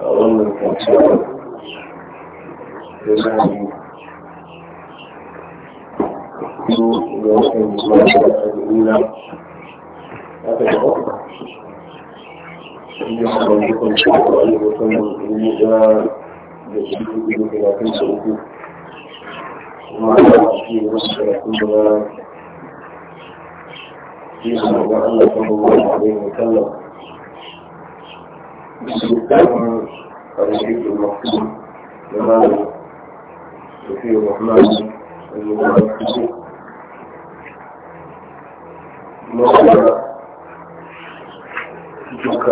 a wannan kwanciyar da da Duka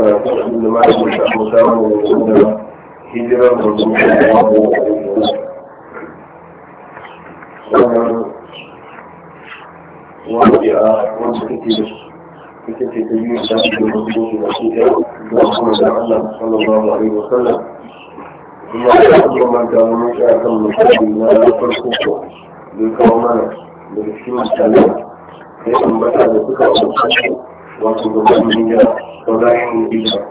da ma'aikata mutane da hijirar wasu wani a wasu kake ita ce ta yi da su da wasu da su ɗaya da kuma da Allah sallallahu alaihi wa kuma da Allah ta wani shi a kan mutum na farko ko da kawo mana daga cikin mutane sai ambata da suka wasu wasu da wani ya saurayin da ita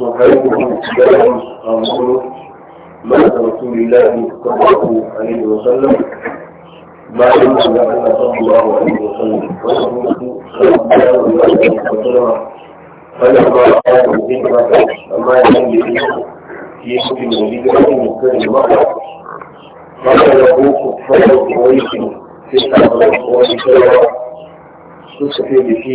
صحيح كلام أمر مات رسول الله صلى الله عليه وسلم ما لم يعلم صلى الله عليه وسلم وسلم صلى الله عليه وسلم فلما رأى الهجرة أما يملك يمكن الهجرة من كل مرة قال له كفار قريش تسعة وعشرة تسعى به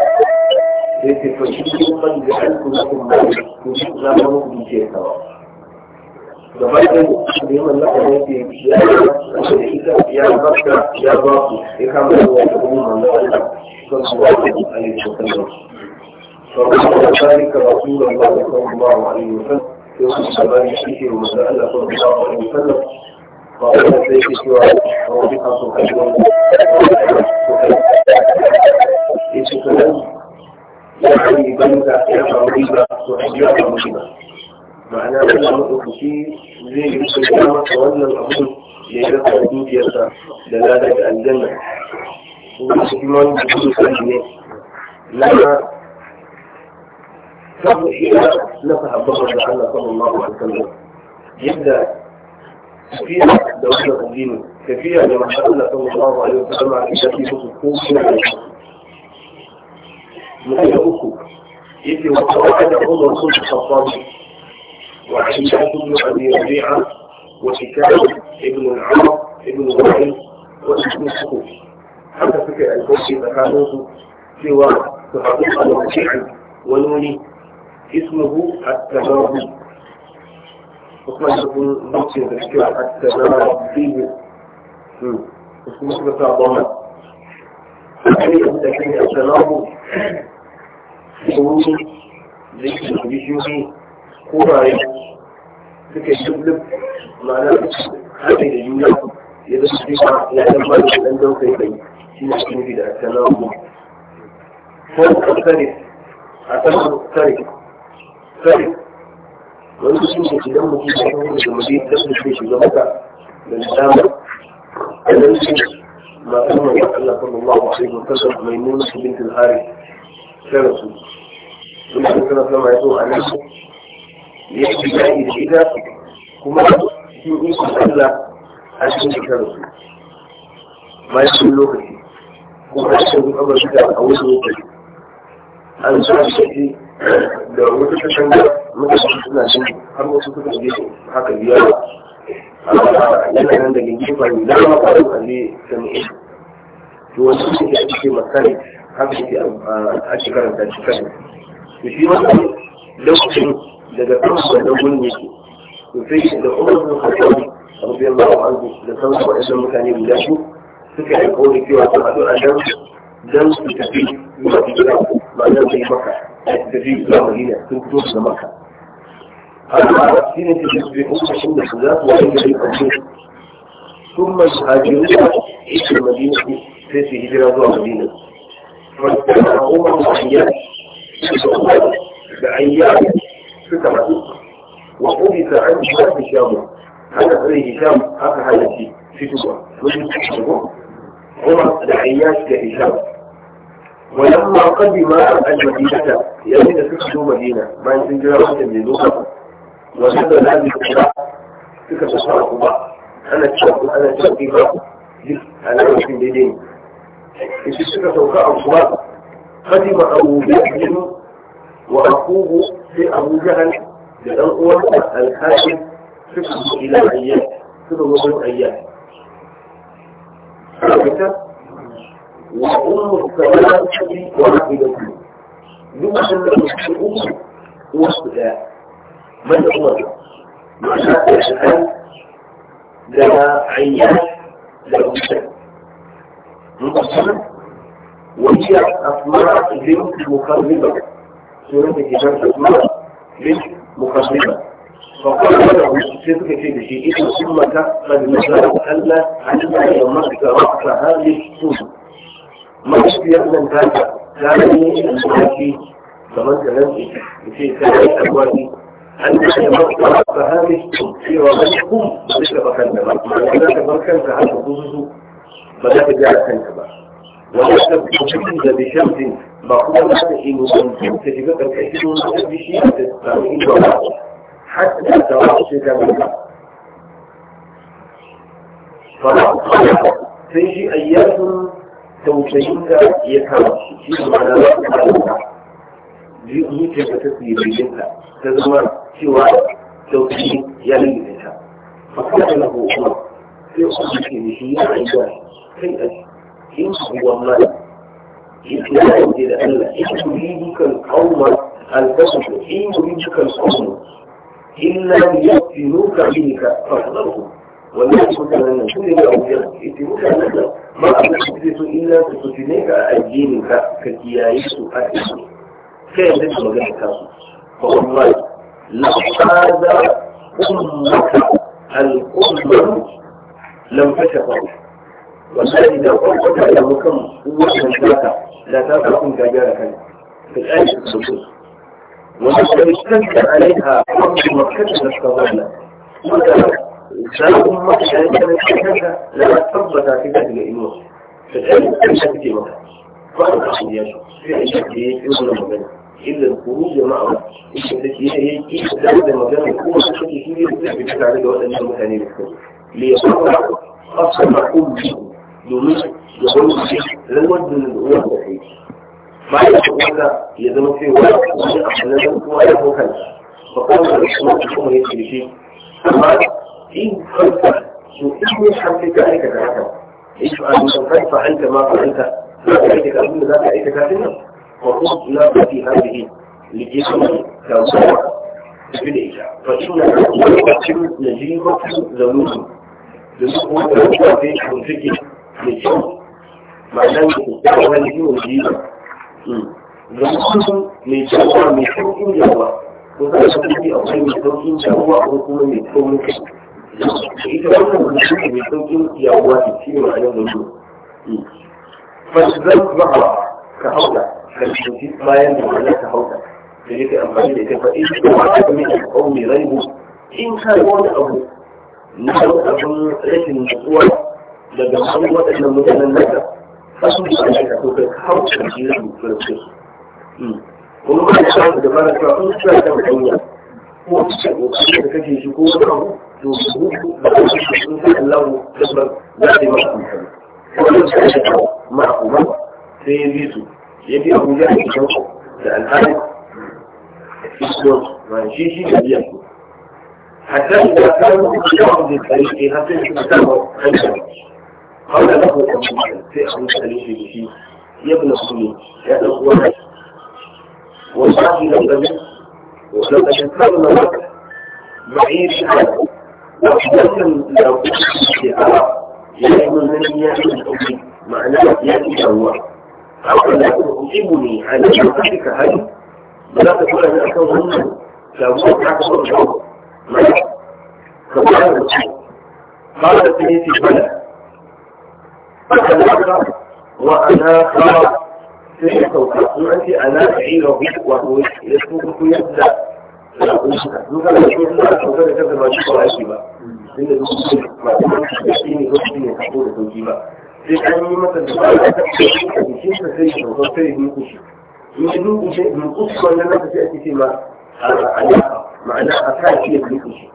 sai ce to shi kuma da alku na kuma to shi na ba mu ce ka ba da ba da da yawan na kuma ce ya ya ba ka ya ba ku sai ka mu da kuma manzo Allah sallallahu alaihi wasallam فذلك رسول الله Ba الله عليه وسلم يوم الشباب يشتكي ومسألة صلى الله عليه وسلم فأنا سيدي سوى ربك سبحانه وتعالى ya kai banza ya samu riba to a ya samu riba ma'ana Allah maɗaukaki zai yi sauya masa wannan abun da ya rasa dukiyarsa da lada da aljanna kuma su kuma wani gudu sani ne na sabu iya na sahabban wanda Allah sallallahu alaihi wasallam yadda tafiya da wannan addini tafiya da manzo Allah sallallahu alaihi wasallam ya tafi su ko kuma وتوعد عمر بن الخطاب وعلاه بن ابي ربيعه وحكام ابن العرب ابن وائل وابن السكوف حتى فكر الكوفي فكانوه سوى تحقيق الوشيع ونوني اسمه التباهي وكان يكون ممكن تشكيل التباهي اسمه مثل ضمان التناقض ونوني da yake da bishiyoyi koraye suka yi dublin ma'ana haɗe da juna ya zama shi ba ya ɗan ba da ɗan ɗan kai kai shi ne shi ne da tana mu ko kare a san kare kare wani su ne idan mutum ya kawo da mu da su ne shi zama ka da dama a nan shi ma kuma Allah sallallahu alaihi wa sallam mai nuna su bintul hari sai rasul suna da suna sama ya zo a nan ya ci daɗi da ita kuma sun yi su Allah a cikin shekarar su bayan lokaci kuma a cikin kamar su da a wasu lokaci an sa shi da wata kashin da mutane suna cin har wasu suka je haka biyar yana nan da gingin fari da kuma kwarin kalli sami'in to wasu suke ake masari haka ake karanta shi karanta da shi wannan lokacin daga kan da gun yake to sai da umar bin khattab radiyallahu anhu da sauran waɗannan mutane guda biyu suka yi kawai cewa sun haɗu a nan dan su tafi zuwa hijira ba nan sai maka su tafi zuwa madina sun fito daga maka amma shi ne take su bi umar shi da su za su wani gari kwanci ثم يهاجرون إلى المدينة في هجرة المدينة فاجتمع عمر وحياه بأيام سترة وحدث عن هشام هذا في تبوة عمر دعياش ولما قدم المدينة يمين يعني سكتوا مدينة ما ينسجل رأسا لنوكا ونزل هذه القراء سكت الشرق قضاء أنا الشرق أنا الشرق قضاء أنا الشرق بدين إذا سكتوا كأو قدم أبو جهل وأخوه في أبو جهل لأن أوسع الحاكم فكره إلى أيام فكره من أيام وأم السلام وعائلته يمكن أن يكون وسع من هو معناه الآن لها عيان له سن مقصود وهي أسماء بنت مخربة سورة كتاب أسماء بنت مخربة فقال له سيدك في شيء إن أمك قد نزلت ألا علم يومك رأس هذه السورة ما إيه. في أن ذاك كان من المعاشي فمن تنزل في كان أبوابي أن يومك رأس هذه السورة في ومنكم ذكر فكان ما ذاك بركان فعل خصوصه فذاك جعل كنك بقى ولا تستجيب بشرط مقولة إن كنت تجيب الكثير بشيء تستعين حتى ترشد منها فيجي أيام توجيهك يكمل في معنى جئني كيف تسيبينها تزمر سوى توجيه يلينها فقال له أمر في أمك نشيء عيدان كي أجل إن هو ملك إطلاق إلى أن إن يريدك القوم الفسق إن يريدك منك فاحذرهم ولا أن كل أو يفتنوك أنك ما أحدث إلا تفتنيك أجينك كتيايس أكثر كيف تسمى ذلك فوالله لقد أمك الأمم لم تكفر wallahi لو ku ka da قوه wannan zaka da ta ka kun gaja da kai fi aiki sosai wannan da kan da alaiha wannan makka da suka كذا لا تثبت في ذلك الإمام في الايه فأنا أقصد يا شيخ في عشان يقول المكان إلا الخروج معه التي هي إذا المكان يكون بشكل كبير يثبت عليه أن المكان يكون ليصبح أصلا كله domin ya wani shi rawar da uwa da kai bayan da wanda ya zama cewa wani abu na zan kuma ya hukar ba kuma da kuma da kuma ya kirshi amma in kanta su in ne harfi ka aikata haka isu a dusan kai fa'anta ma fa'anta za ka aikata abin da za ka aikata tun nan wa kuma na fafi hadihi lijisun kawusawa tafi da ita fa suna da wani cikin najeriya zaune su da su kuma da wata wata ya shi da kyau ba nan da kyau wani yiwu ji ba zamansu hmm. mai kyau mai sauƙin jawa ko za su fi akwai mai kyau sauƙin jawa ko kuma mai kyau sauƙin kai ita wannan mutum mai sauƙin jawa ta ce ma nan da yau fasizan zuwa ka hauka ka shi bayan da wani ka hauka da yake amfani da ita faɗi da wata mai ƙaumi raibu in ka yi wani abu na abin rashin nutsuwa daga sun waɗannan mutanen naka fasu da shi ka kuka hauce da shi zai kuma ce kuma ba da shawar da fara cewa sun suna kan hanya ko su ce ko da kake shi ko wani abu to su hutu da kuma su sun sa Allah tabbar za su yi masa amfani wannan su kashe ta ma'akuma sai ya bi su ya bi abuja da kishan da alhali islam shi shi da biyan su حتى إذا كانوا في بعض الطريق حتى يتمتعوا خيرا قال له في أبو سليم يا ابن سليم يا أخوان والله لقد ولقد انتظرنا لك معيش هذا وحدثا لو استعار يأمن من يأمن أمي معناه يأتي الله قال له أجيبني على ذلك هل لا تقول أن أكون لو وقعت الله قال سيدي بلى وأنا وأناخر في توقيع أناخعي ربيع وهو يسوق يبدأ لغة الجملة وكذا كذا ما شاء الله أجيبا إن الوصول ما تشتيني غشتيني تقول توجيبا في أني مثلا بشيء تسريح وتسريح من كل شيء من شيء من قصة لما تأتي فيما علاقة معناها كافية من كل شيء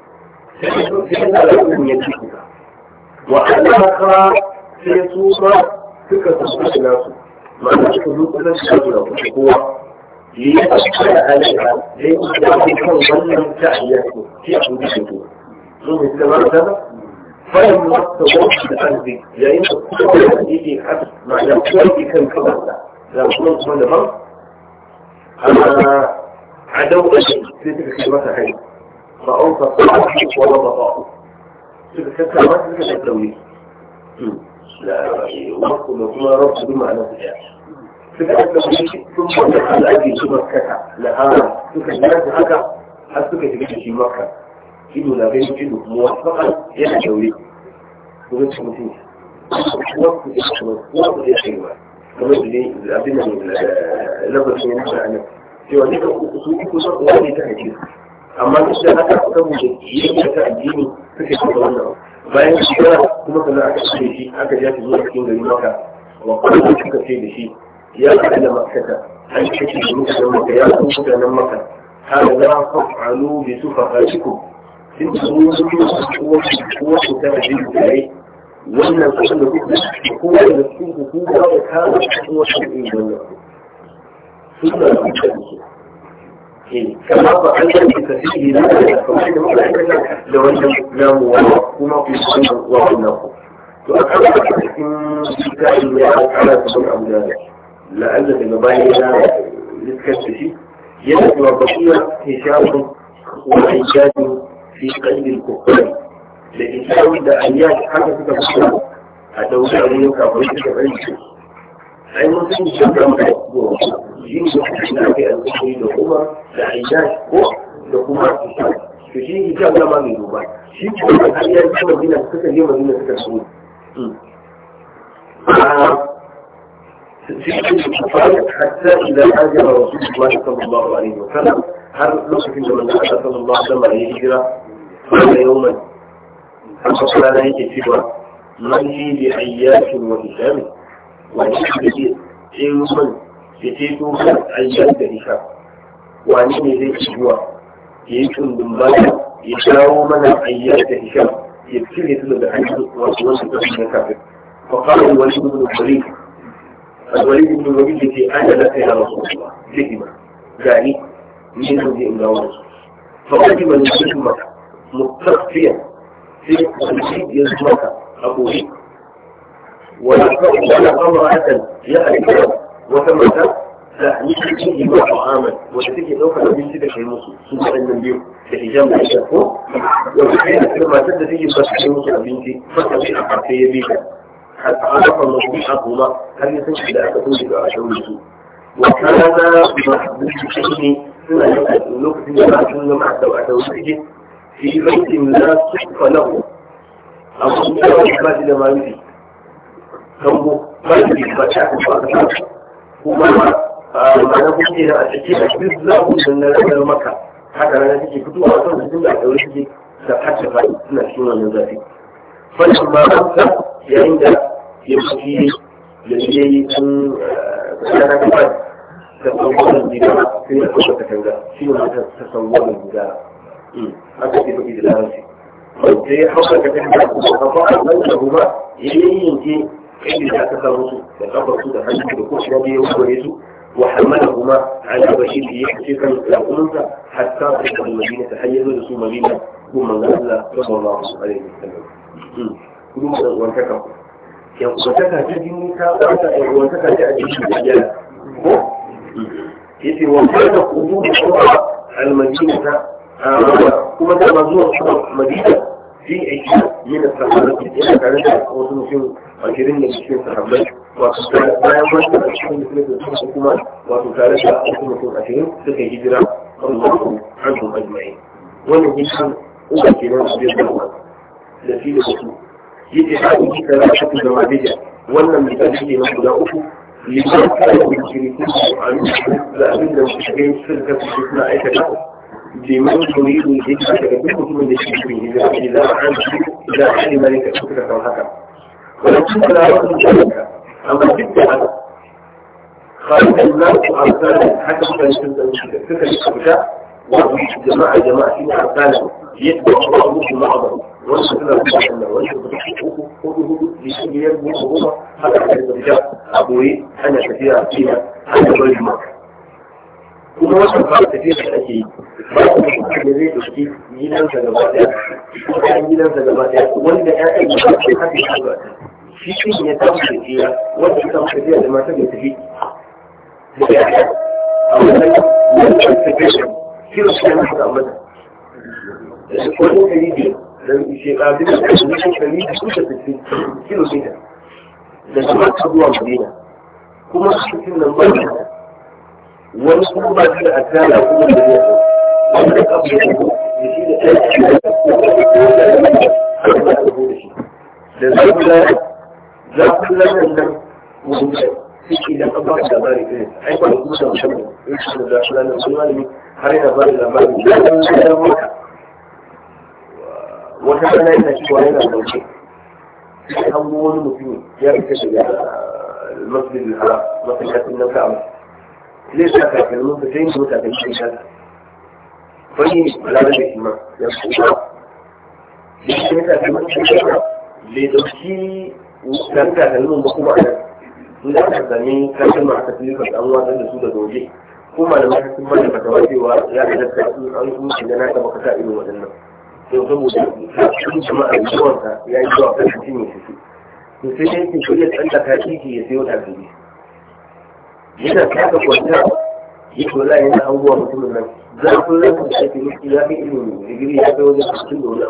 فإن لا يمكن يجيبك وأناخر sai su ma suka tafi da nasu ma'ana suka zo kuma su zo da kowa ليأثر عليها ليأثر ظنا تعيته في حدوده ثم استمر هذا فلم يستطع الأرض لأن الصورة التي حبس مع الأرض كان كبرنا لو كنت من الأرض أما عدو أشي تلك كلمة حين فأنت صلاحي ولا بطاء تلك كلمة تلك التوليه وقت da kuma rabu duk ma'ana guda suka tafi sun bada Allah ake shi makkata na hana suka yi haka har suka shiga shi makka ido na gani ido kuma wasu yana daure kuma su mutum wasu da shi wasu da shi ma kamar da dai abin nan labarin yana da anan cewa duka su yi kusa wani ta hajji amma duk da haka saboda yi ta addini suka shiga wannan bayan shekara kuma sannan aka ce shi aka ja shi zuwa cikin gari maka wa kuma suka ce da shi ya kaɗa da makata an ce shi da maka ya kuma mutanen maka har za ku alu bi su fafatiku sun ci su kuma kuma su ta da jin tare wannan kusan da kuka kowa da su ku kuma ta kama kuma su ɗin wannan suna da mutane إيه. كما أنت فيه لا لو أنت مسلم وحكومة في السنة وغنقه وأكبر إن كان على سبب أولادك لأن المباينة لتكتشي يدك وضحية هشام وعجاد في قلب الكفار لكن حاول أياك حدث تفسير أدوش عليك أبريك أبريك أي مسلم شكرا لك shi ne da ake alƙawari da kuma da aisha ko da kuma hijab to shi hijab na ma mai duba shi ko da hanyar ta madina suka je madina suka so حتى إذا هاجر رسول الله صلى الله عليه وسلم هل نصف من صلى الله عليه وسلم الهجرة قال يوما فقال لا يجد سوى من لي بعياش وهشام وهشام يوما ya ce to ka ayyar gari ka wani ne zai ci zuwa ya yi tsundun baya ya shawo mana ayyar gari ka ya cire su daga hannun wasu wasu kasu na kafin fa kawai wani gudun kwari alwali ibn walid yace ana laka ya rasulullah hikima gani ni ne zai in gawo fa kuma man shi kuma mustafiya sai shi ya zuwa ka abu wala wala amra'atan ya alika wata mata da ni da cin ido a amal wata take ɗaukar abinci da kai musu su waɗannan biyu da hijab da ita ko wata kai da matar da take ba su kai musu abinci fata bai a farfe ya bi ta a tsarafan mafi a kuma har yi sun da aka tsoji da a shirin su wata rana masu shi suna yin a lokacin da ba sun gama a sauƙa sauƙa suke fi baitin na su falahu a kuma ba shi da marufi kango ba shi ba shi a kuma ba kuma da kuke a cikin a cikin zaɓu da na ranar maka haka na take fitowa a kan jikin da a ɗaure suke da hajji ba suna cikin wannan zafi fannin ma kansa yayin da ya fi da ya yi an tsara kawai da tsawon gida sai da kusa katanga shi ne mata ta tsawon gida haka ke faɗi da larabci sai hausa katanga da kuma a ɗan da kuma ya yi yanke وحملهما على بشير يكشفا لأنثى حتى وصل المدينة حيث رسول مدينة ثم نزل صلى الله عليه وسلم. ثم وانتكا وانتكا تجنك وانتكا تأتيك الدجال. يتي وانتكا قدوم الشرع المدينة كما تبزور مدينة في أيام من الصحابة إلى ثلاثة أوزن في عشرين من عشرين صحابة وثلاثة أوزن في عشرين من عشرين حكومة وثلاثة أوزن في عشرين تلك هجرة الله عنهم أجمعين ونهيكم أبكرون بالدعوة لسيد الحكومة يتحاكم في ثلاثة نماذج وأن مثالي ما تدعوه لمن كان المشركين عن لا أبدا مشركين شركة الإسماعيل تدعوه لمن يريد الهجرة يكون من الهجرة إذا علم إذا علم ذلك الفكرة وهكذا ولو كنت لا أردت ذلك أما جد هذا خالد الناس أرسالا حتى كان فكرة الفكرة وجماعة جماعة في أرسالا يتبع الله في بعضهم ويسكن الله ويسكن الله يسكن يربو حتى كان الرجال أبوي أنا كثيرا فيها أنا رجل مكة kuma wasu ba tafiya da ake yi ba su da zai ɗauki gaba ɗaya gaba ɗaya wanda da haɗe ba ya tafiya wanda da mata mai tafi da a wannan yankin tafiya kira da biyu dan da da su da tafi kuma zuwa madina kuma nan ba wani kuma ba shi da asara kuma da zai wani abu da shi da aiki da da zakula zakula nan wanda suke da ba da labari ne ai ba kuma da mutum ne shi da zakula nan sun malami har yana ba da labari da ya wata wata rana yana cewa yana dauke sai an wani mutum ya rike daga masjidil haram masjidatin nan ka'aba zai sa takalmin ka sai mu takalmin ka fani ne alamar da kima ya kuma ya ce takalmin ka kuma bai dauki dan takalmin ba kuma anan su da aka sami takalma aka fi ka da su da doge ko malamai sun mana fatawa ya ga da an kuma da na taba kasa irin waɗannan to saboda sun jama'a yawanka ya yi zuwa kan mutum ya fito to sai dai ke shirya tsallaka titi ya sayo takalmi yana saka kwanta ya tola yana anguwa mutumin nan Za zafin ransa da ake nufi ya fi ilimin digiri ya kai wajen cikin da wani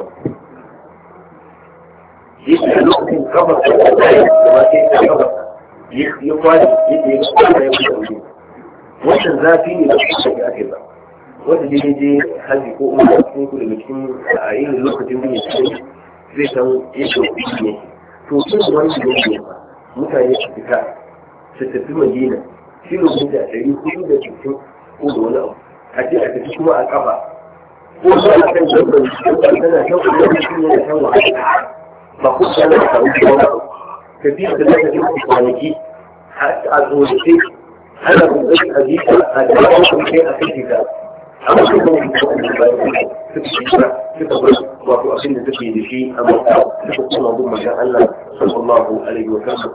abu yake lokacin kamar da ta yi da ba sai ta kamar ya kwani yake ya kwanta ya kwanta ne wannan zafi ne da kuma da ake ba wanda ne je hazi ko umar cikin ku daga cikin a irin lokacin da ya ce zai san yake ne to sun wani ne mutane su fita su tafi madina kilomita ɗari hudu da sittin ko da wani abu a ce a tafi kuma a kafa ko ba a kan dabbar dabbar tana shan kuɗi shi ne da shan wahala ba ko tana da samu kuma ba tafiya da za ta yi kwanaki a tsorace ana kokarin a jika a dawo kuma kai a kai jika amma su kuma su kuma su bayan suka shiga suka bar wato abin da suke da shi a mata suka kuma bin magan Allah sallallahu alaihi wa sallam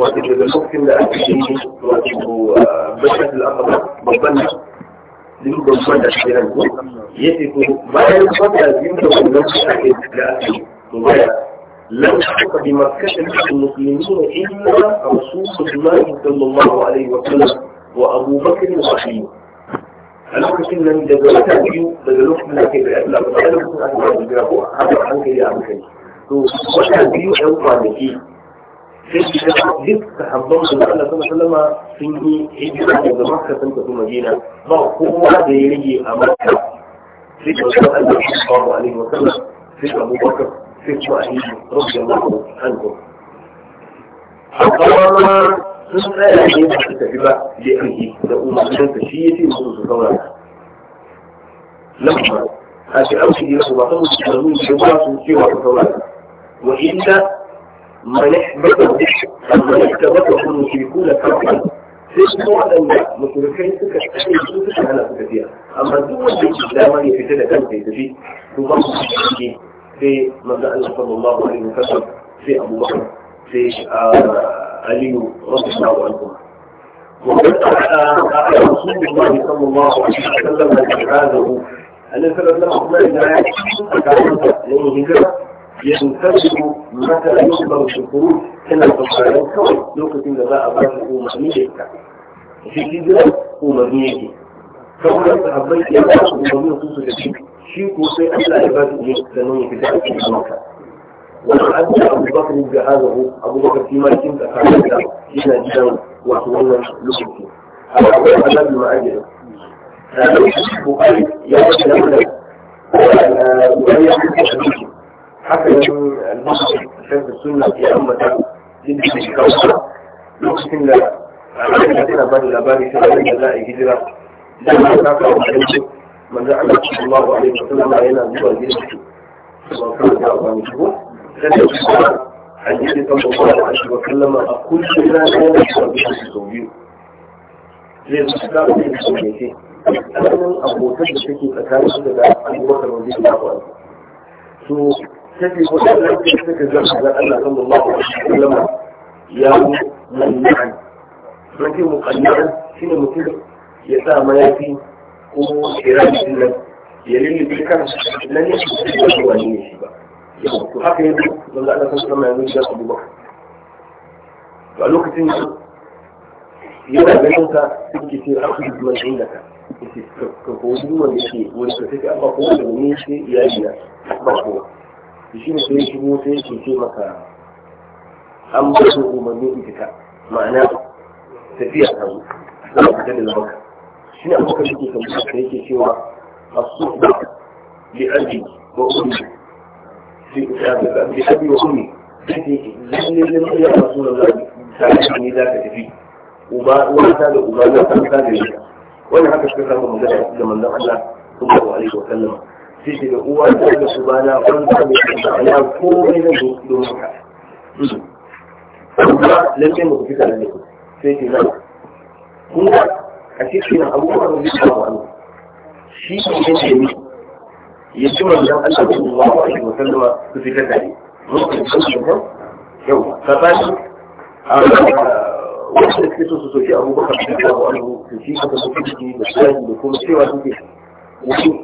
wato daga lokacin da aka yi wato bashar al'amara babban din babban da shi ran ya ce ko bayan kwata biyu da wannan ake da aka yi to baya لم تحق بمكة المسلمين إلا رسول الله صلى الله عليه وسلم وأبو بكر وصحيح a lokacin nan daga wata biyu daga lokacin da ake bayar da abu a lokacin da ake bayar da abu a hankali a hankali to wata biyu ɗan kwanaki sai duk sahabban da Allah sallallahu alaihi wasallam sun yi hijira daga Makka sun tafi Madina ba kowa da ya rage a Makka sai da Allah sallallahu alaihi wasallam sai Abu Bakar sai kuma Ali radiyallahu anhu amma sun tsaya ne ba su tafi ba da aiki da umarnin ka shi yace musu su saurara lamma a ce an shi ne su ba kan mutum da zuwa su cewa su saurara wa inda ملحبة ملحبة المشركون كفرا sai waɗanda musulmai suka tsaye su suka hana su tafiya amma duk wanda yake dama ya fita da kansa ya tafi to ba su ne sai manzo Allah sallallahu alaihi wasallam sai Abu Bakar sai Aliyu radiyallahu anhu وقد أعلى رسول الله صلى الله عليه وسلم جهازه أن صلى الله عليه وسلم أكاد يوم الهجرة ينتظر متى يقبل الخروج كما تقبل كوي لوكتين da za a ba shi umarni da ita shi hijira umarni yake kawai sahabbai ya ba su umarni su su tafi shi ko sai Allah ya ba su umarni sannan ya fita a cikin maka wani abu da abu bakar da haza ko abu bakar shi ma cikin tsakanin da yana gidan wato wannan lokaci a akwai alabi ma'ajiyar Bukari ya wata da wannan wani ya fi حتى يكون المصر في السنة في أمة لنحن كوصرة نقسم لأمانينا بني الأباني سبعين لا إجدرة لما كاكا ومحلت من دعنا الله عليه وسلم علينا نبوى الجنة وكما جاء الله نشبه سنة السنة حديثة الله عليه وسلم أقول شيئا لا يشبه بشيء الزوجي لذلك السنة في السنة أنا أبو تجد فيكي أكاد سنة أبو تجد فيكي أكاد سنة أبو تجد فيكي أكاد سنة أبو تجد فيكي أكاد سنة أبو تجد فيكي أكاد سنة أبو تجد فيكي أكاد سنة take ko da yake cikin zaka Allah sallallahu alaihi wasallam ya mu'min don ke mu'min shine mutum ya sa mayafi ko kirani din nan ya lillibe kan nan ne ba wani ne shi ba to haka yake don Allah sallallahu alaihi wasallam ya Abu Bakar a lokacin yana ganin ka suke ce a kudu mai inda ka ka kowa duk wanda ke wani ka take amma kowa da wani shi iyali na ba kowa shi ne sai shi sai yake ce maka an ba su umarnin itika ma'ana tafiya ta zo za a fita da labarka. shi ne abokan yake kamar da yake cewa masu ba bi abi wa ummi sai bi abi ba ummi zai ne lalle ya rasu da zabi sai ne za ka tafi uba uwa ta da uba na san ta da ni wannan haka suka samu magana da manzon Allah sallallahu alaihi wa sallama sai daga uwa ta da su ba na kwanta mai kwanta ya komai na zo don haka kuma lalle mu fi kalan ne sai ce nan kun a cikin abubuwan da zai kawo wani shi ne ne ne ne ya ci manzan Allah sallallahu alaihi wa sallama su fi kada ne mutum sun shi kan yau ka tashi a wasu da suke so su soki abubakar da kawo wani su shi aka soki da kuma cewa suke wasu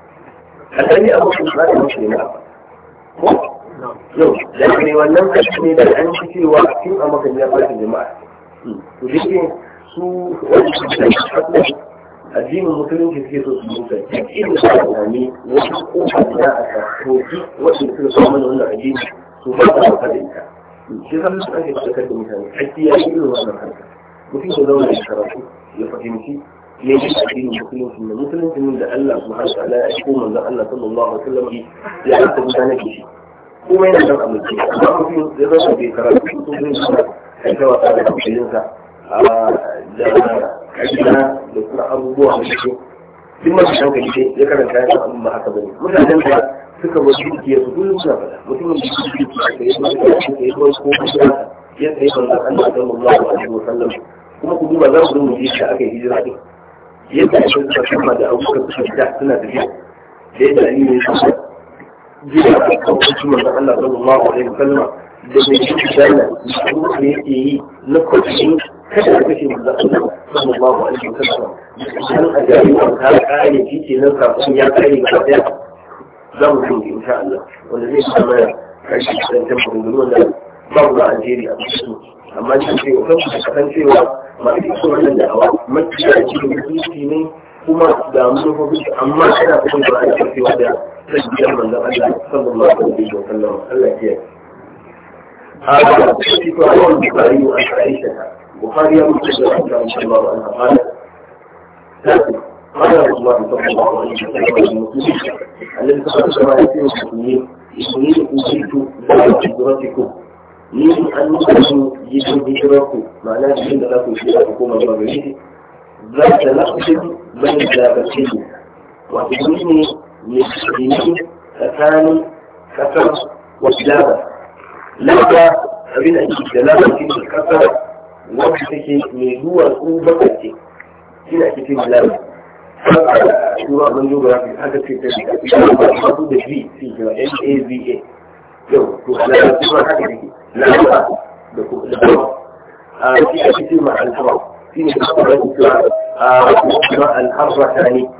alhali abokin ba ta mace na yau da ne wannan kashi ne da an ci cewa tun a makon ya fata jama'a to da ke su wani kashe addinin musulunci suke so su musa duk inda ta sami wasu kofa da za a shafi wasu suka so mana wannan su da ita mutane ya yi irin wannan harka mutum ya zauna ya karatu ya fahimci يجب عليه المسلم ثم المسلم ثم ان الله سبحانه وتعالى يكون من الله صلى الله عليه وسلم لا يكتب لنا شيء وما ينزل عن المسلم اما في الزرع في كراسي كتب من الله حيث وقال لكم شيئا عندنا لكل ارض وحشه ثم تشوف شيء ذكر الكلام عن ما حصل لي مثلا فكر وجود في كل مسافه مثلا في كل مسافه يا ايها الذين امنوا الله عليه وسلم كما قدوا بذلك من جيش اكي هجرة yadda ake da kuma da abubuwan da suke suna tafiya da yadda ni ne su gida a kan kuma da Allah sallallahu alaihi wasallam da mai shi dalla su ne yake yi na kwaci kada ka kashe manzo Allah sallallahu alaihi wasallam san a gari an ka kare shi ke nan kafin ya kare ka da za mu yi insha Allah wanda zai samu kashi da tambayoyi wannan babu a Najeriya a cikin amma shi ce kan kanku kasancewa masu iso wannan da'awa mafi a cikin mutunci ne kuma da manufofin amma ana kuma da ana cewa da sajjiyar manzon Allah sallallahu alaihi wa sallam Allah ya هذا في رواية البخاري عن عائشة البخاري يقول رضي الله عنها قالت قال رسول الله صلى الله عليه وسلم الذي تقدم ما يتم المسلمين إني أوتيت بعد قدرتكم ni an nuna su jikin hijirarku ma'ana cikin da za ku shi a hukumar zuwa gare za ta lafisin bane da gaske ne wato shi ne mai tsini tsakanin kasar wasu labar labar abin da ke da labar shi ne kasar take mai zuwa su bakwace shi cikin labar Tura ban yau ga haka ce ta da C, A, yau to ala kuma haka ne lafiya da kuma a shi ake cewa alhamdulillah في الحرب الثاني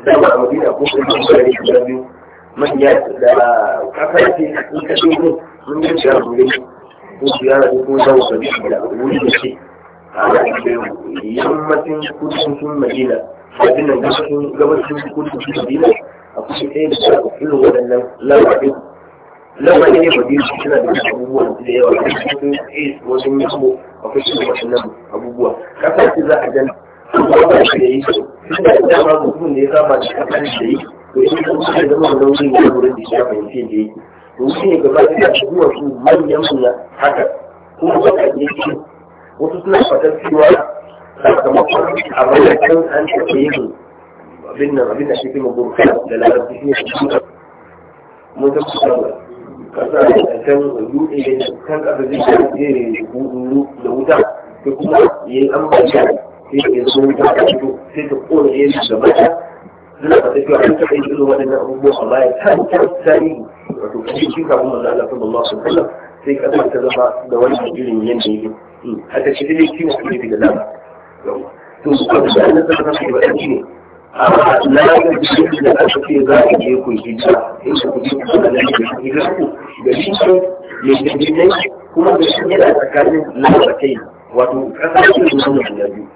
دولة مدينة من يتكفل في كثير من يجرب لي وزيارة يكون دولة مدينة ويجب شيء يمة كل في مدينة لكن الجبل كل في مدينة أقول إيه بسرعة كل هذا لا يعرف nan wani ne ba biyu suna da wasu abubuwa da yawa a cikin aids wasu mutu akwai cikin waɗannan abubuwa kasar ce za a jan abubuwa da ya yi su suna da dama mutumin da ya kama da kasar da yi to in ka mutu da zama wani wurin da shi ya fahimci da yi to shi ne gaba ɗaya abubuwa su manyan suna haka kuma ba ka iya ci wasu suna fatar cewa sakamakon a matakan an taɓa yin abin nan abin da shi fi maburka da larabci shi ne mun tafi saboda kasa da kan dutse kan kasa zai zai hudu da wuta sai kuma yayi ambaliya sai ya zama wuta ta fito sai ta kona yayin da mata suna fata cewa an taɓa yin irin waɗannan abubuwa a ya ta ta yi wato kuma shi kafin manzo Allah sallallahu alaihi wasallam sai kasar ta zama da wannan irin yanayi hmm, haka shi dai kiwon kuma da lama to kuma da Allah ne na ga cikin da aka ke za a je ku hijira in su kuɗi ku da nan da hijira ku da shi ne ya jirgi ne kuma da shi yana tsakanin lafakai wato ƙasa ce su sun da biyu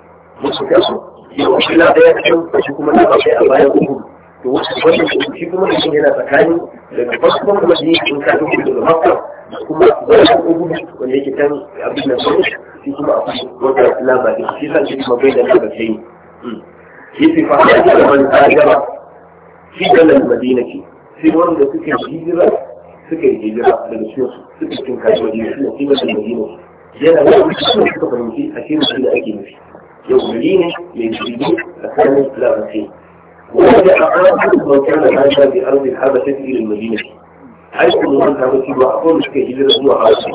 wasu kasu yau shi na ɗaya kan shi kuma na ba a bayan uku to wasu wannan shi kuma da shi yana tsakanin daga wasu kuma kuma shi in ka tafi daga makka kuma wannan uku wanda yake kan abin nan sun shi kuma akwai wata labarin shi san bai da labarai yake fa hajjar man hajjara fi dalal madinati sai wanda suke hijira suka yi hijira daga cikin su suka cikin kasuwanci su a cikin madina yana da wani cikin suka fahimci a cikin madina ake nufi yau gari ne mai jirgi a kanin larabci wanda a ƙarfin bautar da hajja bi arzin habasha ta irin madina ai kuma wani kasuwanci ba a kowane suka hijira zuwa habasha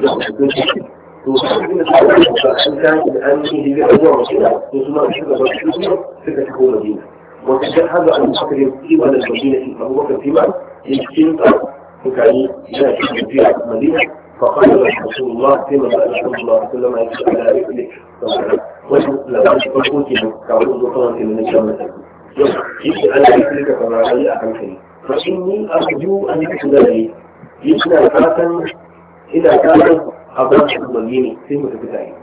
da kuma وكان الآن هي أجر رسولة وسنة الشركة والشركة فكرة هو مدينة وكان هذا أن يفكر في ولا المدينة فهو كان في معنى يمكن وكان يأتي في المدينة فقال رسول الله كما قال رسول الله صلى الله عليه وسلم وجه لبعض فقوتي كعروض وطنتي من الشامة يجب أن يفكرك فما علي أهم شيء فإني أرجو أن يكون لي يجب أن إذا كانت a ba su umarni ne sai mu tafi tare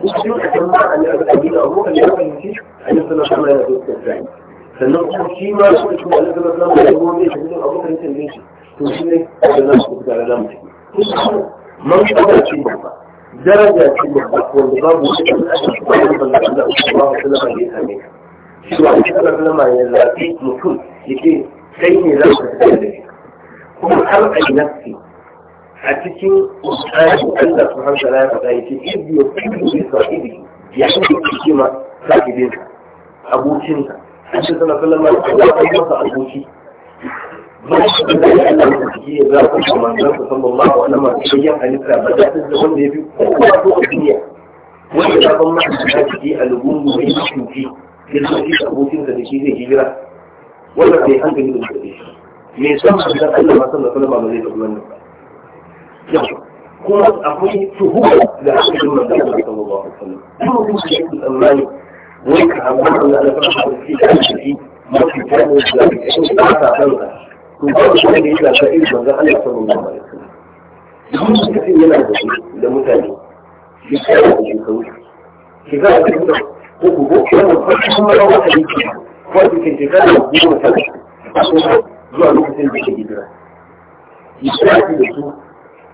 kuma duk da ba a yi a gida a muka ne fahimci a yi sallar sallar yana zuwa tare sannan kuma shi ma su da kuma a yi sallar sallar yana zuwa ne shi ne abokan tambayin shi to shi ne da za su tafi tare za mu tafi man kaba ce babba daraja ce babba wanda babu wani da ake ba da sallar sallar ba da sallar da ya same ka shi wa ake sallar sallar ya zafi mutum ya ce kai ne za su tafi tare da shi kuma har a yi nafsi a cikin tsarin Allah su har sala ya faɗa ya ce ibi ya fi ne sahibi ya fi ne kima sahibinsa abokinsa an ce sana sallama ya faɗa masa aboki ba shi da ya Allah ya fi ya zaɓa da manzan sa sallallahu alaihi wa sallam ya halitta ba za da ta wanda ya fi kowa ko a duniya wanda ya ban masa da shi a lugungu mai shuki ya zaɓi abokinsa da shi zai hijira wannan bai hankali da shi mai san manzan Allah ma san alaihi wa sallam ba zai tafi wannan ba kuma akwai tuhuma da aka yi wa Allah sallallahu alaihi wasallam kuma kuma shi ne tsammani wai ka amma Allah na fara da shi da shi mafi kyau da shi ba ta san ka to ba shi ne yana da irin manzon Allah sallallahu alaihi wasallam duk mutum yana da shi da mutane shi ka yi da shekaru shi za a cikin ko ku ko kuma kuma da wata ne ko ku kin shekara goma ta zuwa lokacin da ke hijira. Isra'i da su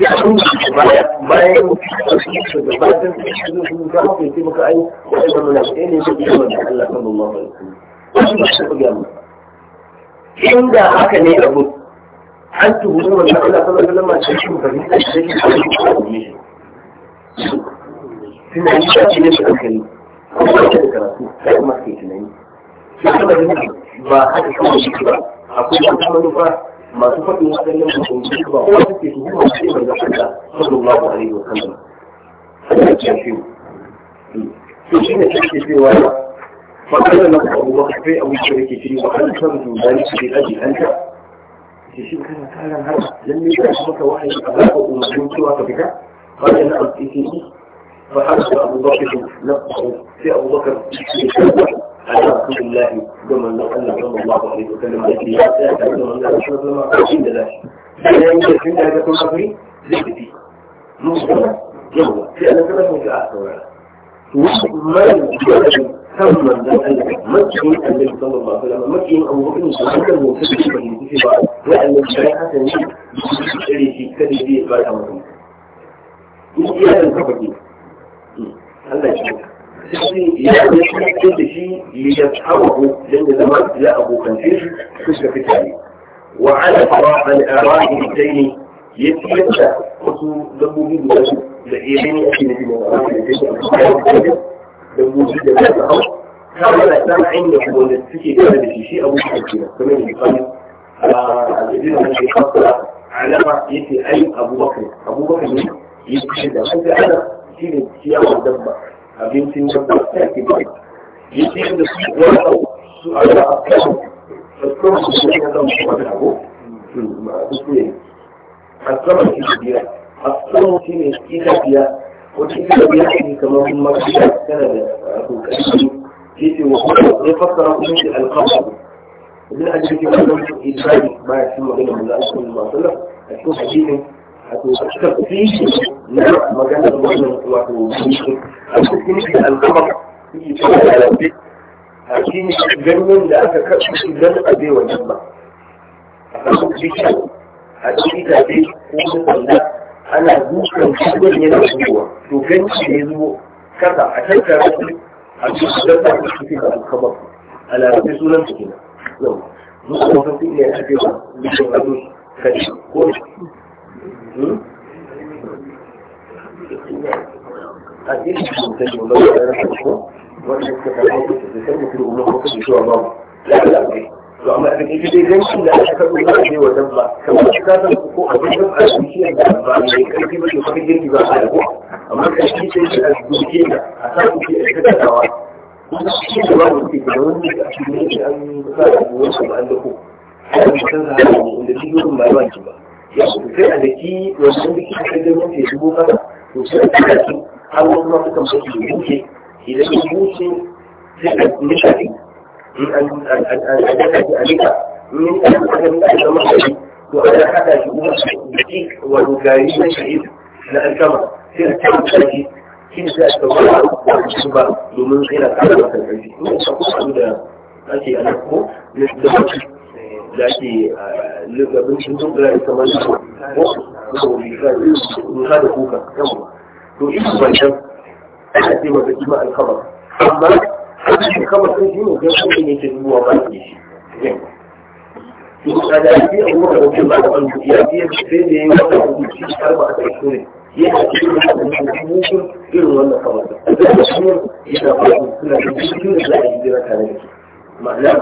bayan gabatar da shi ne ga haka yake maka ai wannan munafiki ne shi ne wanda Allah sallallahu alaihi wasallam inda haka ne abu an tuhumi wannan Allah sallallahu alaihi wasallam shi ne fahimta shi ne tunani shi ne shi hankali kuma da karatu da kuma ke tunani ba haka kawai shi ba akwai wata manufa ما تفضل هذا اليوم من تجربة وفكر تهوها حسيما لحدا صلى الله عليه وسلم فشينا تحكي في وراء فقال لك أبو بكر في أو يشترك في وقال تمت ذلك لأجل أنت تشيب كان فعلا هذا لم يكن أبوك واحد أبوك ومسلم سواك بك قال أنا أبو بكر فحرص أبو بكر لك في أبو بكر على رسول الله صلى الله عليه وسلم التي يعتبر ان رسول الله عند ذلك لا يمكن ان هذا كل امر زبدي مصدر جوه كما في ومن ثم من مكين النبي صلى الله عليه وسلم مكين او مكين سبحانه وتعالى من في بعض وان الشريعه التي تدري بعضها مثلا. إيه هذا الخبر دي؟ الله sai ya yi da shi ya tsawo don da zama ya abokance shi suka fi tare wa ala fara al'arari daini ya tiyarta wasu dabbobi guda su da irin ake na jini a wasu da shi dabbobi da za su hau ta wani sana'in da kuma da suke tare da shi shi abokan kenan kamar da misali a jirgin da ke fasa alama yake ai abubakar abubakar ne ya fi shi da shi da ana shi ne ciyawa dabba abincin da ba da ake ba yake da su wata su a da aka da kuma su ne da su wata ko ma su ne asama ki biya asama ki ne ki ka biya ko ki ka biya ki kamar kuma ma ki kana da kokari ki ce wa kuma ya fassara ku ne su idan ajin ki kuma da ba ya cin magana da Allah sallallahu alaihi wasallam a cikin hadisin wato tafi na maganar wannan wato a da ganyen da aka kasu shi don a bai a kasu bishiya a cikin ko ana dukan shigon yana zuwa to ganci ne zuwa kasa a tattara su a cikin da ta da alkama a larabci sunan su kenan yau zuwa mafi ne a cikin da ko a cikin mutum da wani da rasa da wanda suka karɓo su da san mutum umar ko kuma zuwa ba ya fi to amma da kike dai ganin da aka karɓo ba ne kamar ka san ko abin da aka yi shi da ba ne ba ko kake girki ba a ko amma kai shi sai a duke da a san ku ke da tawa kuma shi da ba mu ke da wani da shi ne an ba da wani ba da ko sai san da inda duk ba ba ki ba ya ku sai a daki wasu biki da kai gani ke shigo kada to sai a daki har wasu ma sukan so su buce idan ya buce sai a nishadi in an daki a nika in yi kan aka nika da mahaifi to ana haɗa shi kuma daki wani gari na shahid na alkama sai a kama sarki shi ne sai a tsawara da su ba domin sai na kama da sarki in ya sa kusa da ake alaƙo na da mutum da ake lukabin cikin da ya kamar da rusa da kuka to ita wannan ana ce masa kima alkabar amma kashin sun shi ne don kuma ne ke zuwa ba ke shi to da ake yi wa ba da wani ya fiye sai da ya yi wata rubuci har ba a kai su ne ya ce shi ne da irin wannan kamar da shi ne yana da suna da cikin da za a yi jira tare da shi ma'ana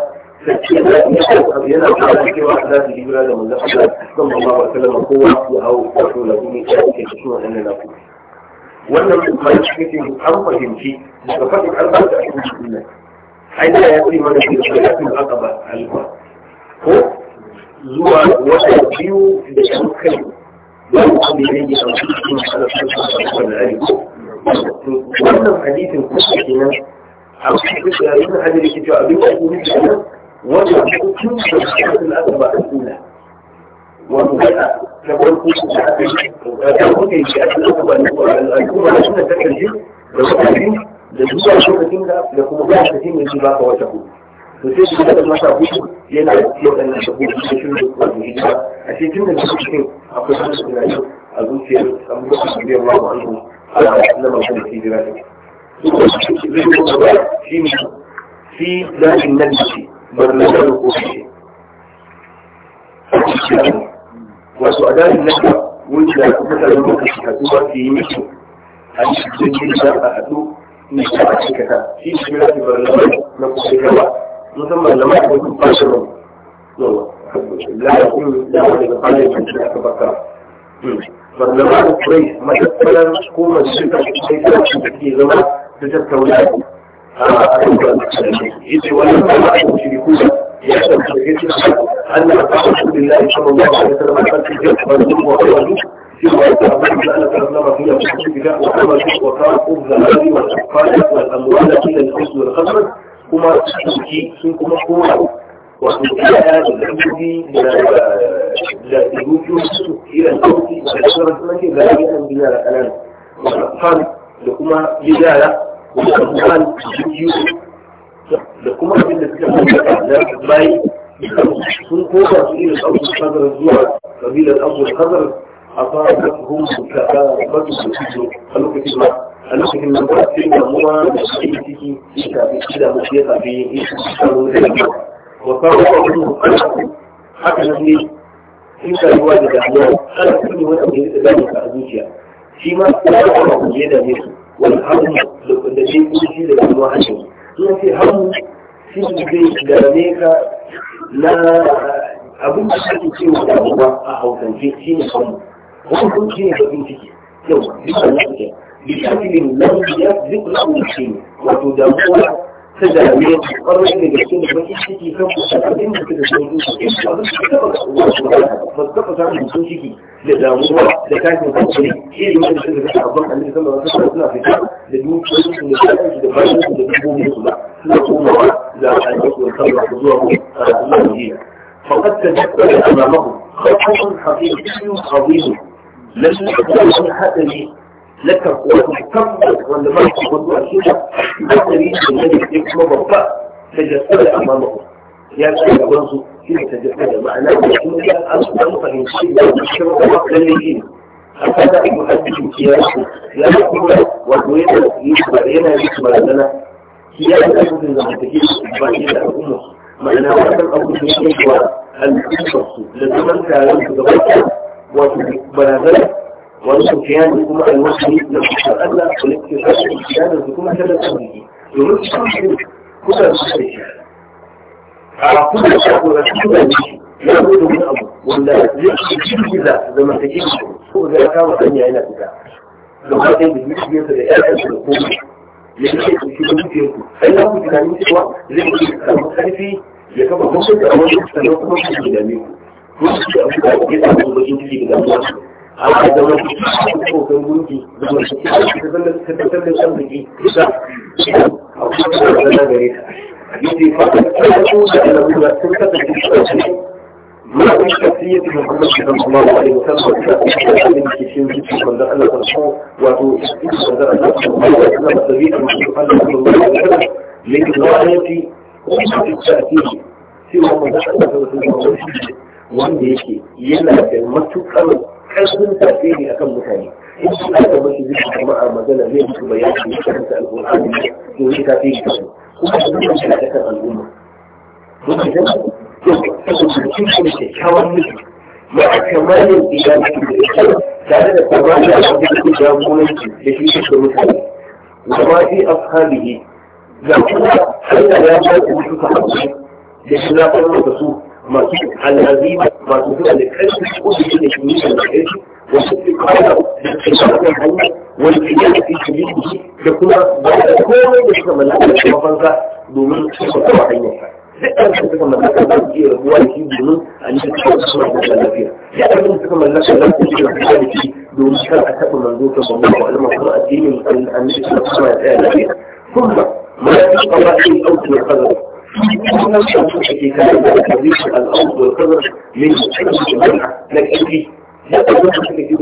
yana fara cewa za su jibira da manzan Allah don ba wa sallama kowa ya hau wato na kuma ya ke cikin wannan na kuma wannan mai cikin an fahimci daga fadin Allah da ake cikin nan ai da ya ce mana da shi ya fi aqaba alfa ko zuwa wata biyu da yan kai ba ku ne ne ya san cikin Allah wannan hadisin kuma kenan a cikin da yana hadisi cewa abin da ake nufi وجدوا كل شيء الأكبر الأولى ومبدأ تقول كل شيء تقول كل شيء الأكبر الأكبر عشان تكتشف لو da zuwa lokacin da da kuma ba shi ne shi ba ka wata hudu to sai shi da masa hudu yana da wadannan da hudu da shi da kuma hijira a cikin da shi cikin akwai wani tunani a zuciyar abubuwan da ya wawa an ala na masu da hijira ne shi ne fi lalin nan da shi برنامج وكوشي وسؤال النجوى وانت مثلا ممكن تكتبها في مشي عن الجنين لا أحدو نشاء شكتا في شمالة برنامج نقص كوا مثلا لما يكون باشر لا يكون لا يكون لا يكون لا يكون برنامج كويس ما تتكلم كوما الشركة في زمان تجد تتكلم إذا ولم تكن يكون يحسب أن رسول الله صلى الله عليه وسلم قد جاء رسول وخرجوا ثم يتعمل أن تنظر فيها بحسبها وخرجوا وكان أم ذهبي والأفقال والأموال إلى الحسن والخمر كما تشكي سنكم قولا وتنقلها بالحمد لوجود إلى الحوت والأسرة ذلك بلا الألم والأطفال لكما بداية alƙur'an biyu da kuma abin da suka fara da bayi sun koma su irin abu hazar zuwa kabilar abu hazar a fara hun suka ba su da su a lokacin ma a lokacin nan ba su da muwa ciki su tafi su da mutu ya tafi yin isu su samu da yi wa sun a zuciya shi ma ya abu ya su wani hamu da ke kuci da kuma hannu ina ce hamu shi zai gane ka na abin da ake cewa damuwa a hausance shi ne hamu wani kuma shi ne bakin ciki yau wato damuwa ta jami'a ƙwarar da gaske da baki ciki kan abin da suka san zuciya ba su taɓa kasuwa ba su taɓa samun sun ciki da damuwa da tashin hankali irin wanda suna fita da da da su su لك قوة محكمة ولا ما يكون أكيدة يقتري بالذي يكون مبطأ تجسد أمامه يعني أنا برضو كيف تجسد معناه أنه لا أصلا فإن شيء يشرب وقت لليجين هذا يؤدي امتيازه لا يكون والويل يتبعينا يتبع لنا سياسة مثل ما تجيب بعيدة أمه معناه أن الأمر يجب أن يكون لزمن كان يتبعينا وتبعينا wani sufiyan da kuma al-musulmi da kuma Allah ko lafi da su da su kuma kada su yi domin su kuma kuma su sai shi a kuma su kuma su kuma shi ya zo da wani abu wanda zai yi shi da za da mata ke shi ko zai hanya yana fita da kuma sai da yi shi da ya ka su da kuma ya ce ku ki kuma ku sai ya kuma tunanin cewa zai kuma samu karfi ya kama kuma su da wani sanar kuma su ne da ne ku kuma su ke abubuwa ya samu wajen jiki da damuwa aka da wani kogon gunki da mace da zan tabbatar da shan biki gare ta ya da muna kuma da cikin wanda da ta ta ta ta yake da wanda yake yana da matukar ƙarfin tasiri akan mutane in su ka mashi zai kuma a magana zai musu bayani ya karanta alƙur'ani to yi tafiye da su kuma su zai shi da kan al'umma don idan su su da kyakkyawan miji ma a kamalin iyalanci da ita tare da tsammanin a cikin jagoranci da shi da mutane wama fi ashabihi ga kuma Allah ya ba su suka haɗu da shi na da su masu alhazi masu zuwa da ƙarfi ko da yake shi ne da ƙarfi wasu ke kawo da ke shafin hanya wani ke yana fi shi biyu da kuma ba da komai da suka mallaka da mafanka domin su kawo hanyar ka duk ɗan da suka mallaka za su iya rabuwa da shi domin a nisa cikin suna da lafiya duk ɗan da suka mallaka za su iya rabuwa da shi domin kar a taɓa manzo ka manzo ko alama kuma addinin annabi sallallahu alaihi wa sallam ya tsaya lafiya kuma ma ya fi kawai auki ya kazara لو شفت في كلام تدريس الأرض والقدر من حكمة الجمعة لكن da zai zo shi za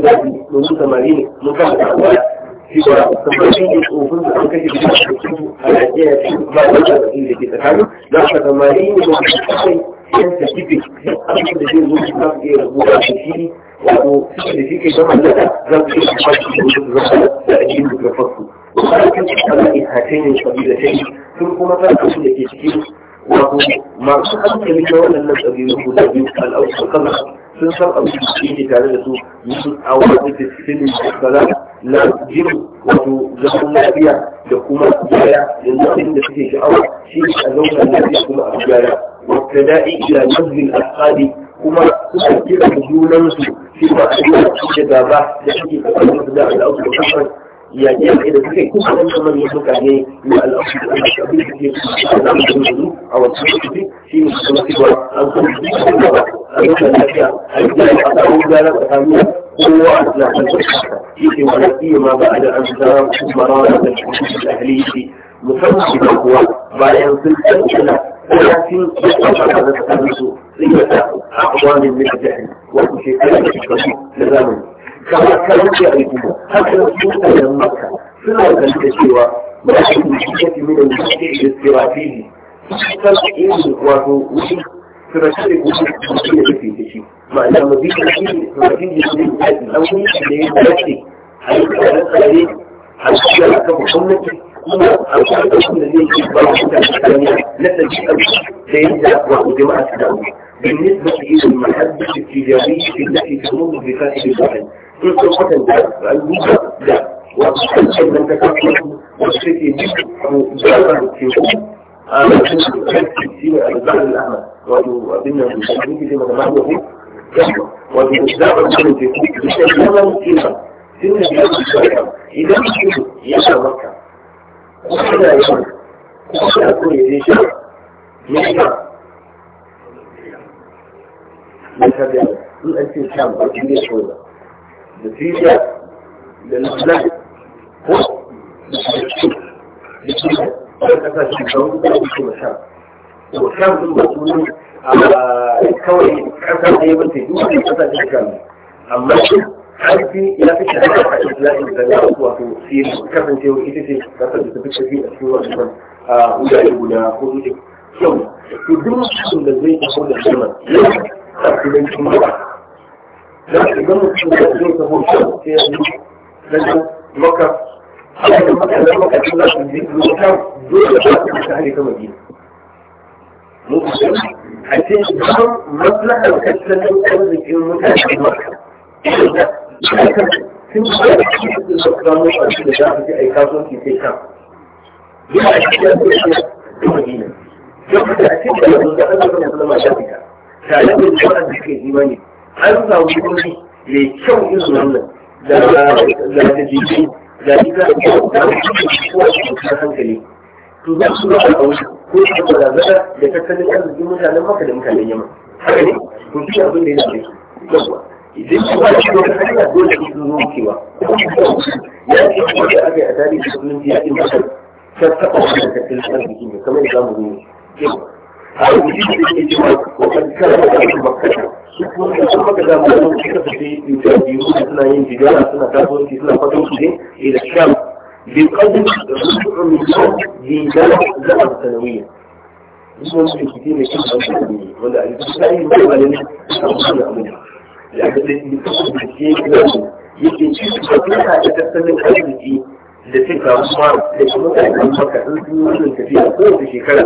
iya rubuta shi shi wato scientific da za su iya da da farko. Kuma kan ana iya hatin sun kuma za da ke cikin wato masu hankali na wannan lakabi guda biyu al'aukakan sun san abin da suke tare da su musu a wani da filin kaza na jin wato zaman lafiya da kuma yaya yanzu abin da suke sha'awa shi ne a zauna lafiya kuma a gyara wata da'i ila nazmin al'adi kuma suna kira da junansu shi ma a yi da gaba da suke tsakanin da al'aukakan يعني إذا كان كل من من يملك عليه من الأصل أو في مستوى في ما بعد أن ترى مرارة الأهلية مفهوم القوى بعد أن تلتقي ولكن يتفق هذا التنسو لكي أقوال من الجهل وكل شيء لزامه kamar karfi a rikubu haka mutanen maka suna zanta cewa ba shi ne shi ke nuna wuce da sirafili sun yin wato wuce sirafili wuce da ke da shi ma'ana mazi da shi ne sirafili ne a ɗaukin shi ne ya dace a yi tsare tsare a shi da aka gwamnati kuma a kwanakin da zai yi ba shi da shi na ɗabi'ar da yadda wato jama'a su damu بالنسبة إلى المحبة التجارية التي تمر بفاتح البحر in sun kwatanta rayuwa da wasu kancan nan ta kafin wasu take ji ko jama'a ke ku a cikin kanci shi ne alzalin ahmad wato abin nan da shi ne da mamu ne wato da zaɓar cikin teku da shi ne da ke ba sun ne da su ba idan mutum ya sa maka kuma da yawa kuma da kuma ya shi ne ba ne ta da in an ce sham ba shi ne ya نتيجة للمسلم هو نتيجة المسؤولين على كوني حسن أي منتج أساس الكامل أما عندي إلى في شهادة إلى إنسانية وفي كفن تيوري إتسي كفن تتبكت في أسوأ من أولئك ولا خطوتك يوم يدرس من الزيت حول الزمن لا تبين كمارا da su ga mutum da su ta hoto sai ya yi daga maka haka da maka da maka da za su yi lokacin dole da su ta hali kama biyu a ce don maslahar tattalin arzikin mutane maka sun ba da cikin da samun ƙarfi da za su ji a yi kasuwanci sai kan yana a cikin da ya fi madina don haka a cikin da ya zo da an zama da zama shafi ta tare da jama'ar da ke imani an samu wuri mai kyau irin wannan da da jiki da jika da kuma hankali to za su ba a wuri ko ta ba da zaka da tattalin arzikin mutanen maka da mutanen yamma haka ne to shi abin da yana da yawa idan shi ba shi wani hanya dole shi sun zo ba. ya ce kuma da aka yi a tarihi da kullum ya ce masa ta taɓa wannan tattalin arzikin ne kamar da zamu zo yawa a wuri da ke cewa ko kan kara da su bakka su kuma da su kuma suka fi interview da suna yin jigara suna kasuwanci suna fatan su ne a da sham bin kwanzu da su kuma mai yawon jigara da a sanawiyya su kuma su fi ne su kuma su ne wanda a yi su sa'i da kuma da kuma da a kasa yi su kuma su ne su kuma yake ci su kuma su kuma su kuma kuma kuma da cin kawo da kuma da kuma baka sun fi wurin tafiya kowace shekara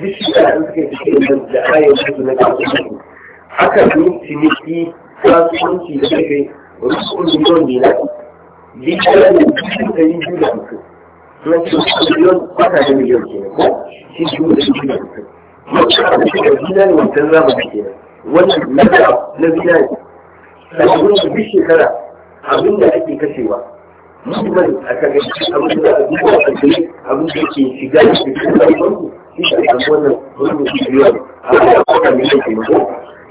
duk shekara sun da ayyukan su na kawo su haka yi ciniki kasuwanci da kai rukun miliyon ne na biyar da ɗari biyu da hamsin na ce miliyon kwata da miliyon ke nan ko shi biyu da biyu da hamsin mutum da zina ne wancan zamani ke nan wannan na na zina ne da wurin da duk shekara abin da ake kashewa musamman a kaga abin da abin a ake abin da ke shiga da ke cikin farko shi ne a wannan wannan miliyon a kan miliyon ke nan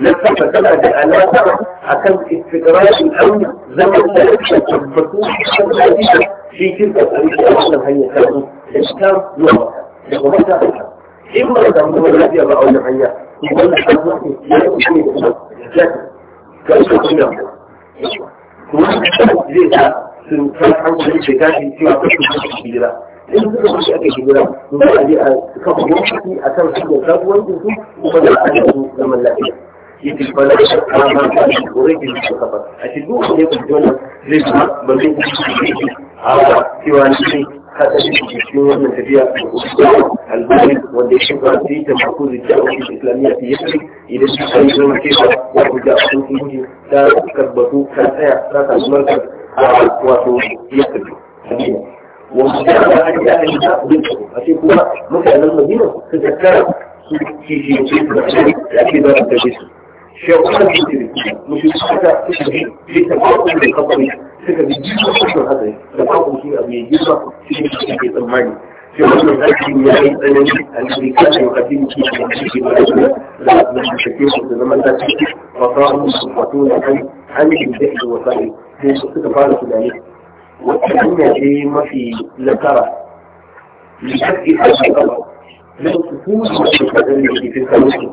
نفسك تبقى الألاقة عشان استقرار الأول زمن تلك الفتوح في تلك الطريقة عشان هيخلقوا الكام نوع ومتى إما تنظر الذي يبقى أول يقول لك لكن كيف تكون ليه سنفرح كيف كل بكاشي في عقصة كبيرة إذا كنت أشياء كبيرة نبقى دي أكبر وقتي أكبر حاجة كبيرة وبدأ أجل لما لا أجل yake fara da kama da kore da shi ka ba a cikin duk yake jona zai ba ba zai yi a ga cewa ne kada shi wannan tafiya da usul albani wanda yake ba shi da makuri da wani islamiyya fi shi, idan shi sai zama ba wato da sun yi da karbatu kan tsaya ta samu markar wato yake ومستعمل عن أهل منهم عشان كده مثلا المدينة تتذكر في في في الأكيد ده شيطان المشركين مشركات في تفاقم الخطر suka bi jirgin kusur hatsari da kwakwa shi a mai girma shi ne shi ke tsammani shi wannan aiki ya yi tsanani a cikin kashin kafin shi ne shi ke tsammani da na shake su da zaman lafi ba sa mu su fato da kai hannun da ke wasa ne sai su suka fara tunani wata hanya ce mafi nasara da ake haɗa ƙafa don su kuma su ke tsammani da ke tsammani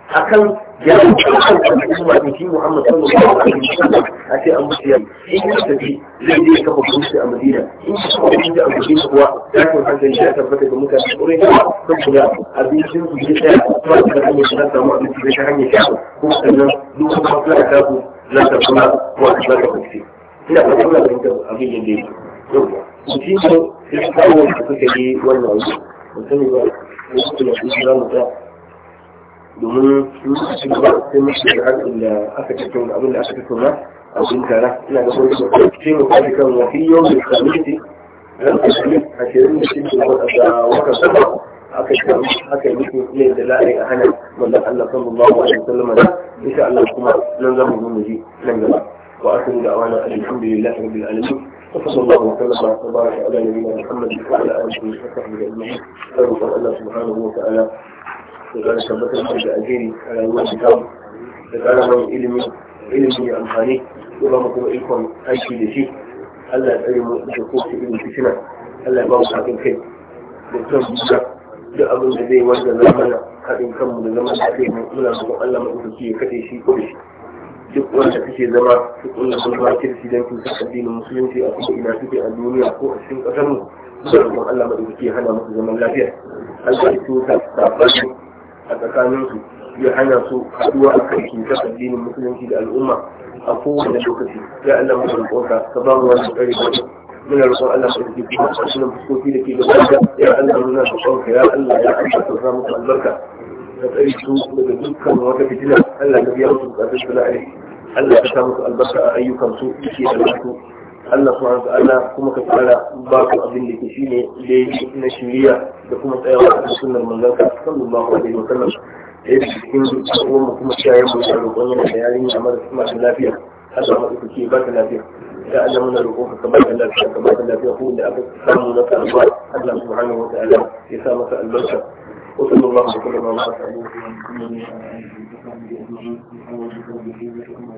akan ya kan al'umma da kuma Muhammad sallallahu alaihi wasallam a ce an mutu yayi in ya tafi zai je kafa kunshi a Madina in kuma kafa kunshi a Madina kuwa ya kan hankali ya tabbata da mutane kure ne saboda abincin su ya tsaya kuma da hanyar da samu da ta hanyar shafa kuma sannan duk wani matsala ta ku za ta kuma ta za ta ina ba kuma da abin yadda yake yau shi ne sai kawo da suka yi wannan ba mutane. domin lokaci gaba sai mun shiga hakan da aka tattauna abin da aka tattauna a cikin tara ina da kuma sai mu kafi kan wa fi yau da kamiti ran ashirin ashirin da cikin da wata sama aka samu aka yi mutum ne da la'ayi a hana wannan Allah sallallahu alaihi wasallam da insha Allah kuma nan zamu zo mu ji nan gaba wa asiru da awana alhamdulillah rabbil alamin وصلى الله وسلم وبارك على نبينا محمد وعلى اله وصحبه اجمعين. نسال الله سبحانه وتعالى da kara tabbatar da alheri a rayuwar da tamu da kara ilimin ya amfani ko ba mu kuma ikon aiki da shi Allah ya tsare mu da kowace irin fitina Allah ya ba mu haɗin kai da kan buga duk abin da zai wanda zama mana haɗin kanmu da zaman lafiya mu muna roƙon Allah maɗaukaki ya kaɗe shi ko da shi duk wanda kake zama su wanda sun fara kirki don cutar addinin musulunci a kuma ina suke a duniya ko a cikin ƙasar mu suna roƙon Allah maɗaukaki ya hana musu zaman lafiya Allah ya tuta sabanin a tsakaninsu ya hana su haɗuwa a kan cutar addinin musulunci da al'umma a kowane lokaci ya Allah mu roƙonka ka ba mu wani tsare da muna roƙon Allah ka roƙi kuma a cikin fuskoki da ke gabata ya Allah muna roƙonka ya Allah ya Allah ka samu albarka ka tsare su daga dukkan wata fitina Allah ka biya musu bukatun su na Allah ka samu albarka a ayyukan su ke da Allah kuma ga Allah kuma ka tsara ba ku abin da ke shi ne da ya na shiriya da kuma tsayawa a cikin sunnar manzon ka sallallahu alaihi wa sallam da yake cikin zuciyar mu kuma shayen mu da roƙon yana da yarinya mara lafiya Allah ma ku ke ba ta lafiya ya Allah muna roƙon ka kamar da lafiya kamar da lafiya ko da aka samu na karuwa Allah subhanahu wa ta'ala ya sa masa albarka وصلى الله وسلم على سيدنا محمد وعلى اله وصحبه اجمعين